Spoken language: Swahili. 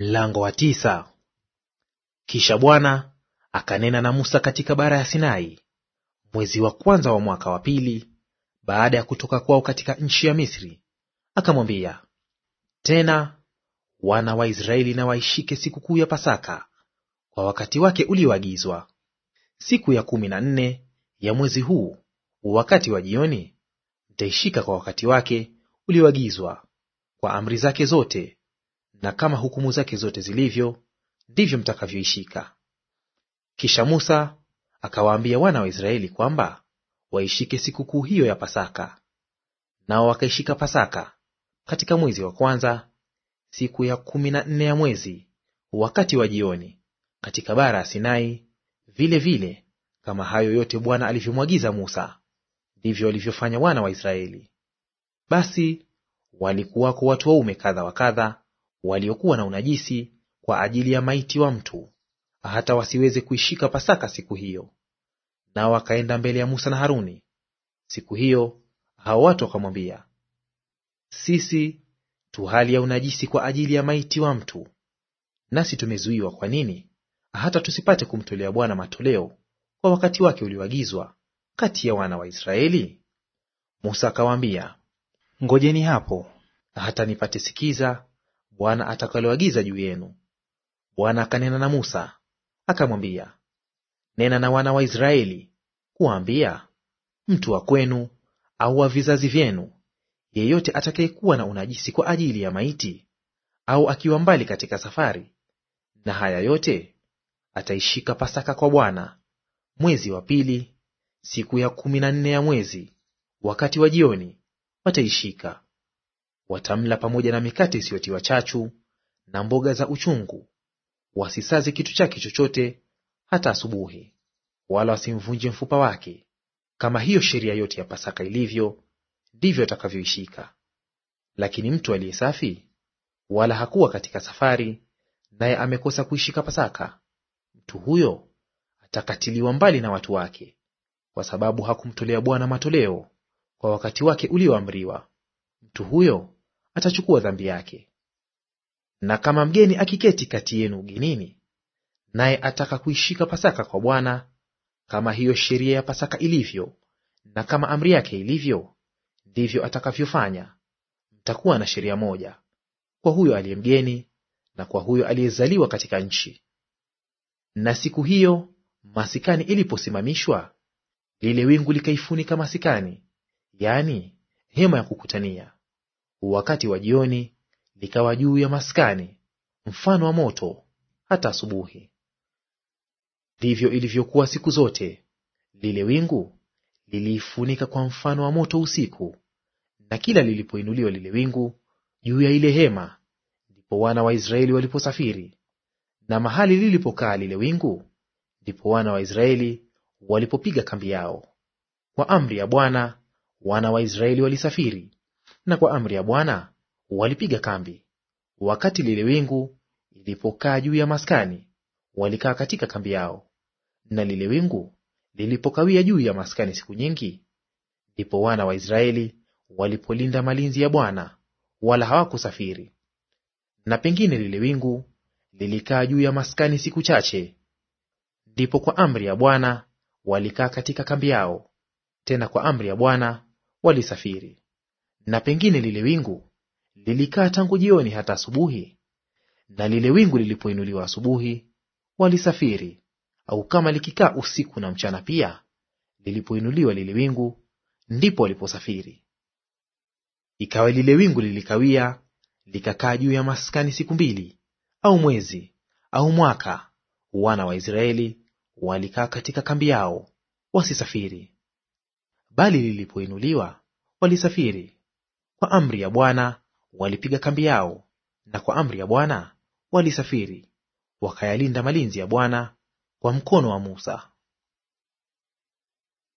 Mlango wa tisa. Kisha Bwana akanena na Musa katika bara ya Sinai mwezi wa kwanza wa mwaka wa pili baada ya kutoka kwao katika nchi ya Misri, akamwambia tena, wana wa Israeli na waishike sikukuu ya Pasaka kwa wakati wake ulioagizwa, siku ya kumi na nne ya mwezi huu, wakati wa jioni mtaishika kwa wakati wake ulioagizwa, kwa amri zake zote na kama hukumu zake zote zilivyo, ndivyo mtakavyoishika. Kisha Musa akawaambia wana wa Israeli kwamba waishike sikukuu hiyo ya Pasaka. Nao wakaishika Pasaka katika mwezi wa kwanza, siku ya kumi na nne ya mwezi, wakati wa jioni, katika bara ya Sinai, vile vile kama hayo yote Bwana alivyomwagiza Musa, ndivyo walivyofanya wana wa Israeli. Basi walikuwako watu waume kadha wa kadha waliokuwa na unajisi kwa ajili ya maiti wa mtu, hata wasiweze kuishika Pasaka siku hiyo. Nao wakaenda mbele ya Musa na Haruni siku hiyo. Hao watu wakamwambia, sisi tu hali ya unajisi kwa ajili ya maiti wa mtu, nasi tumezuiwa kwa nini hata tusipate kumtolea Bwana matoleo kwa wakati wake ulioagizwa kati ya wana wa Israeli? Musa akawaambia, ngojeni hapo hata nipate sikiza Bwana atakaloagiza juu yenu. Bwana akanena na Musa akamwambia, nena na wana wa Israeli kuwaambia, mtu wa kwenu au wa vizazi vyenu yeyote atakayekuwa na unajisi kwa ajili ya maiti au akiwa mbali katika safari, na haya yote ataishika Pasaka kwa Bwana mwezi wa pili, siku ya kumi na nne ya mwezi, wakati wa jioni wataishika. Watamla pamoja na mikate isiyotiwa chachu na mboga za uchungu, wasisaze kitu chake chochote hata asubuhi, wala wasimvunje mfupa wake. Kama hiyo sheria yote ya Pasaka ilivyo, ndivyo atakavyoishika. Lakini mtu aliye safi, wala hakuwa katika safari, naye amekosa kuishika Pasaka, mtu huyo atakatiliwa mbali na watu wake, kwa sababu hakumtolea Bwana matoleo kwa wakati wake ulioamriwa. Mtu huyo atachukua dhambi yake. Na kama mgeni akiketi kati yenu ugenini, naye ataka kuishika Pasaka kwa Bwana, kama hiyo sheria ya Pasaka ilivyo na kama amri yake ilivyo, ndivyo atakavyofanya. Mtakuwa na sheria moja kwa huyo aliye mgeni na kwa huyo aliyezaliwa katika nchi. Na siku hiyo masikani iliposimamishwa, lile wingu likaifunika masikani, yaani hema ya kukutania wakati wa jioni likawa juu ya maskani mfano wa moto hata asubuhi. Ndivyo ilivyokuwa siku zote; lile wingu liliifunika kwa mfano wa moto usiku, na kila lilipoinuliwa lile wingu juu ya ile hema, ndipo wana wa Israeli waliposafiri; na mahali lilipokaa lile wingu, ndipo wana wa Israeli walipopiga kambi yao. Kwa amri ya Bwana wana wa Israeli walisafiri na kwa amri ya Bwana walipiga kambi. Wakati lile wingu lilipokaa juu ya maskani, walikaa katika kambi yao. Na lile wingu lilipokawia juu ya maskani siku nyingi, ndipo wana wa Israeli walipolinda malinzi ya Bwana, wala hawakusafiri. Na pengine lile wingu lilikaa juu ya maskani siku chache, ndipo kwa amri ya Bwana walikaa katika kambi yao, tena kwa amri ya Bwana walisafiri. Na pengine lile wingu lilikaa tangu jioni hata asubuhi, na lile wingu lilipoinuliwa asubuhi walisafiri; au kama likikaa usiku na mchana pia, lilipoinuliwa lile wingu, ndipo waliposafiri. Ikawa lile wingu lilikawia, likakaa juu ya maskani siku mbili, au mwezi, au mwaka, wana wa Israeli walikaa katika kambi yao, wasisafiri. Bali lilipoinuliwa walisafiri kwa amri ya Bwana walipiga kambi yao, na kwa amri ya Bwana walisafiri, wakayalinda malinzi ya Bwana kwa mkono wa Musa.